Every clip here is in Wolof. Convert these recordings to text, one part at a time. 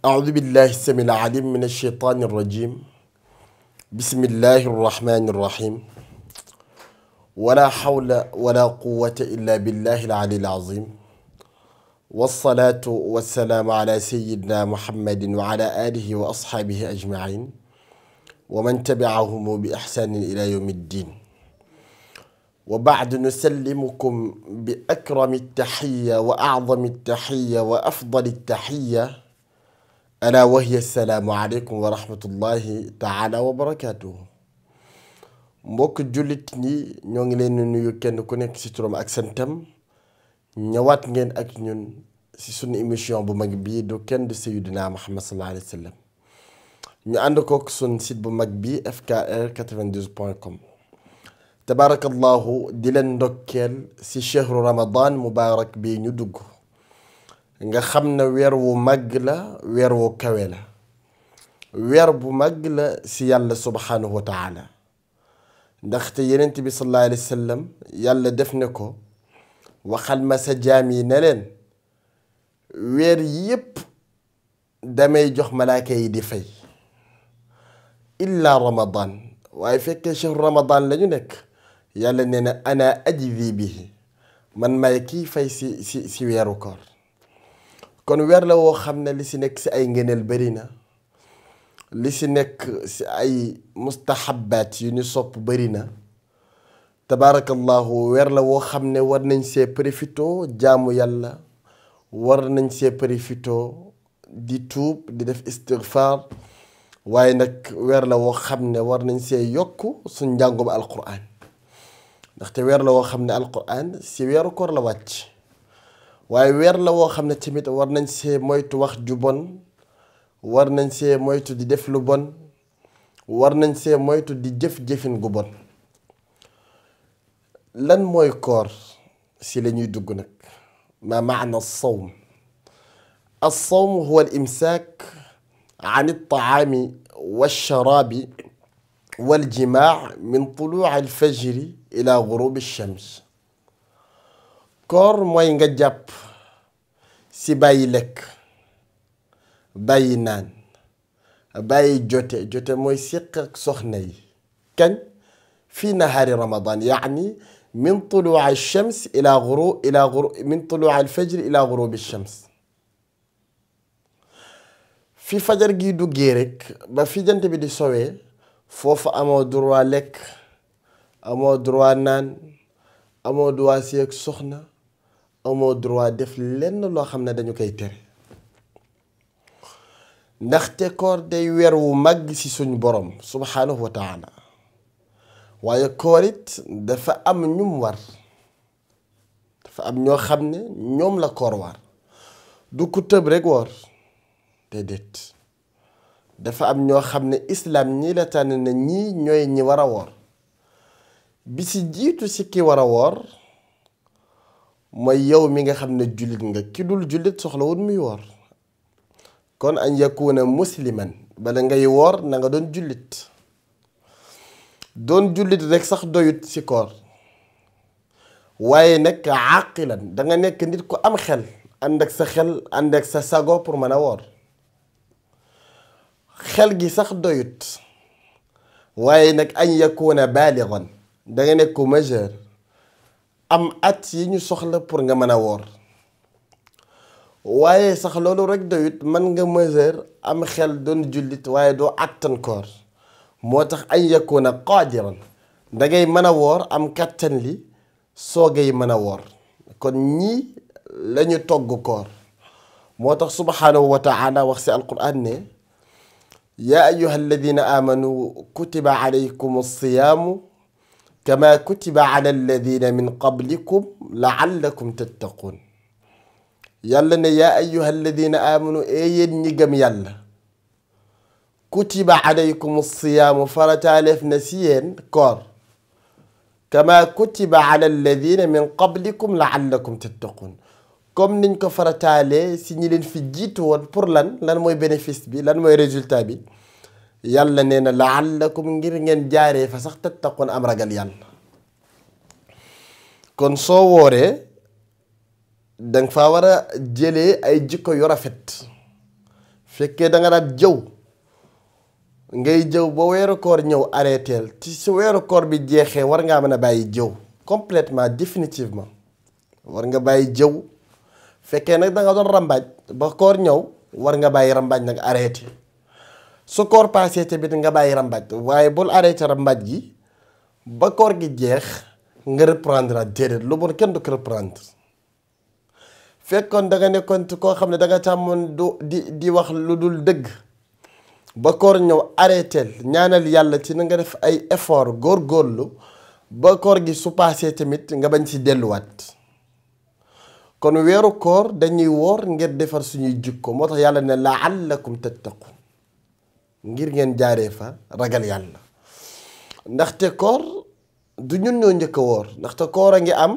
أعوذ بالله السميع العليم من الشيطان الرجيم بسم الله الرحمن الرحيم ولا حول ولا قوة إلا بالله العلي العظيم والصلاة والسلام على سيدنا محمد وعلى آله وأصحابه أجمعين ومن تبعهم بإحسان إلى يوم الدين وبعد نسلمكم بأكرم التحية وأعظم التحية وأفضل التحية alaa waxya assalaamu aleykum wa rahmatullahi taala wa barakaatuhu mbokk jullit ñi ñoo ngi leen nuyu kenn ku nekk ci turam ak santam ñëwaat ngeen ak ñun ci sunu émission bu mag bii du kenn du Seydina Muhammad sallallahu alayhi wa sallam ñu ànd kook sun bu mag bi fkr 92 point com tabaarakallahu di leen ndokkeel ci chehru mu mubaarak bi ñu dugg nga xam ne weer wu màgg la weer wu kawe la weer bu màgg la si yàlla subhaanahu wa taala ndaxte yenent bi sallallahu alayhi wa sallam yàlla def ne ko waxal ma sa jaam yi ne leen weer yépp damay jox malaaka yi di fay illa ramadan waaye fekkee shahru ramadan la ñu nekk yàlla nee na ana ajzi bihi man may kii fay si si si weeru koor kon weer la woo xam ne li si nekk si ay ngëneel bëri na li si nekk si ay mustahabaat yu ñu sopp bëri na tabaarakallahu weer la woo xam ne war nañ see profité jaamu yàlla war nañ see profité di tuub di def istigfaar waaye nag weer la woo xam ne war nañ see yokk su njàngum alquran ndaxte weer la woo xam ne alquran si weeru koor la wàcc waaye weer la woo xam ne tamit war nañ see moytu wax ju bon war nañ see moytu di def lu bon war nañ see moytu di jëf-jëfin gu bon lan mooy koor si la ñuy dugg nag ma maana sawm alsawm huwa al imsaak an altaami walsharaabi waljimaa min tuluuci alfajri ila gurubi alshams koor mooy nga jàpp si bàyyi lekk bàyyi naan bàyyi jote jote mooy siq ak soxna yi kañ fii nahaari ramadan yaani min tulua alchams ila guru ila guru min tulua fi fajar gi duggee rek ba fi jant bi di sowee foofa amoo droit lekk amoo droit naan amoo droit si ak soxna amoo droit def lenn loo xam ne dañu koy tere ndaxte koor day weer wu màgg ci suñu boroom subhaanahu wa taala waaye koor it dafa am ñum war dafa am ñoo xam ne ñoom la koor war du ku tëb rek woor déedéet dafa am ñoo xam ne islaam ñii la tànn na ñii ñooy ñi war a woor bi ci jiitu ci war a woor mooy yow mi nga xam ne jullit nga ki dul jullit soxlawul muy woor kon an yakuna musliman bala ngay woor nanga doon jullit doon jullit rek sax doyut ci koor waaye nag àqilan danga nekk nit ko am xel ànd ak sa xel ànd ak sa sago pour mën a woor xel gi sax doyut waaye nag an yakuna baaligan da nga nekk ku majeur am at yi ñu soxla pour nga mën a woor waaye sax loolu rek doyut mën nga mesure am xel doon jullit waaye doo àttan koor moo tax an yakuna qaadiran da ngay mën a woor am kàttan li soo ngay mën a wor kon ñii lañu togg koor moo tax subhaanahu wa taala wax si alquran ne yaa ayuha alladina amanu kutiba alaykum alsiyaamu kama kutiba ala alladina min qablikum laallakum tattaqun yàlla ne yaa ayuha alladina amanu ee yéen ñi gëm yàlla kutiba alaykum siyaamu farataaleef na si yéen koor kama kutiba ala alladina min qablikum laallakum tattaqun comme niñ ko farataalee si ñi leen fi jiitu woon pour lan lan mooy bénéfice bi lan mooy résultat bi yàlla nee na laal la laallakum ngir ngeen jaaree fa sax tattaqoon am ragal yàlla kon soo wooree danga fa war a jële ay jikko yu rafet fekkee danga daan jëw ngay jëw ba weeru koor ñëw arrêteel ci su weeru koor bi jeexee war ngaa mën a bàyyi jëw complètement définitivement war nga bàyyi jëw fekkee nag danga nga doon rambaaj ba koor ñëw war nga bàyyi rambaaj nag arrêté su koor paasee tamit nga bàyyi rambaaj waaye bul arrêté rambaaj gi ba koor gi jeex nga reprendre déedéet lu bon kenn du ko reprendre fekkoon danga nekkoon koo xam ne danga nga tàmmoon du di di wax lu dul dëgg ba koor ñëw arrêté ñaanal yàlla ci na nga def ay góor góorgóorlu ba koor gi su paasee tamit nga bañ si delluwaat kon weeru koor dañuy woor ngir defar suñuy jikko moo tax yàlla ne laallakum tattaqun ngir ngeen jaaree fa ragal yàlla ndaxte koor du ñun ñoo njëkk a woor ndaxte koor a ngi am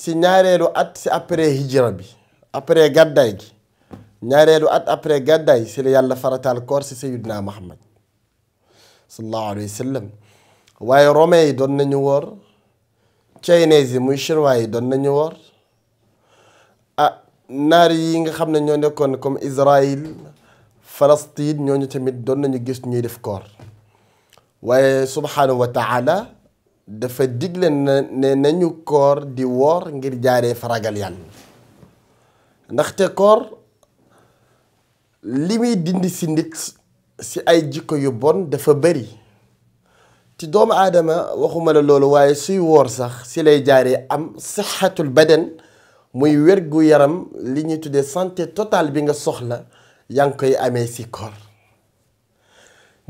si ñaareelu at si après hijra bi après gàddaay gi ñaareelu at après gàddaay si la yàlla farataal koor si sayidna Muhammad sallallahu alayhi wa sallam waaye romain yi doon nañu woor Chinese muy chinois yi doon nañu woor ah, naar yi nga xam ne ñoo nekkoon comme Israël Falastin ñooñu tamit doon nañu gis ñuy def koor waaye subhanahu wa dafa digle ne nañu koor di woor ngir jaaree faragal yàlla ndaxte koor li muy dindi si nit ci ay jikko yu bon dafa bari te doomu aadama waxuma la loolu waaye suy woor sax si lay jaaree am sixatul badan muy wér gu yaram li ñuy tuddee santé totale bi nga soxla yaa ngi koy amee si koor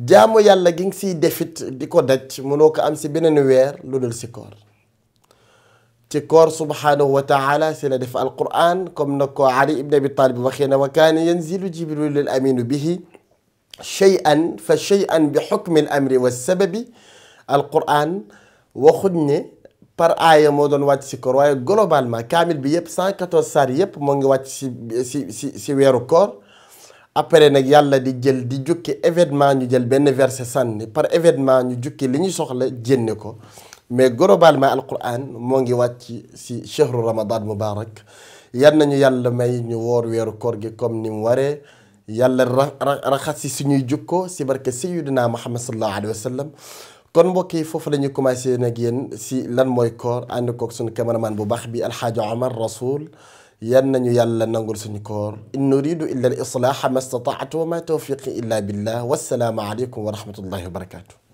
jaamu yàlla gi nga siy defit di ko daj mënoo ko am si beneen weer lu dul si koor ci koor subhaanahu wa taala si la def alquran comme na ko ali ibn abi talib waxee ne wa kaana yanzilu jibrilu l aminu bihi cheyan fa cheyan bi xukmi l amri wa sababi alquran waxuñ ne par aaya moo doon wàcc si koor waaye globalement kaamil bi yëpp 114 saar yëpp moo ngi wàcc si si si si weeru koor après nag yàlla di jël di jukki événement ñu jël benn verset sànni par événement ñu jukki li ñu soxla jénne ko mais globalement alquran moo ngi wàcc si chehru ramadan mubarak yal nañu yàlla may ñu woor weeru koor gi comme ni mu waree yàlla raxas si suñuy jukko si barke sayyidina muhammad sallallahu alayhi wa sallam kon mbokk yi foofu la ñuy commencé nag yéen si lan mooy koor ànd koog suñu cameraman bu baax bi alxaaji omar rasoul yan nañu yàlla nangul suñu koor in nuridu illa al islaaha ma stataatu wa ma tawfiqi illa billah wassalaamu aleykum wa rahmatullahi wa barakatuh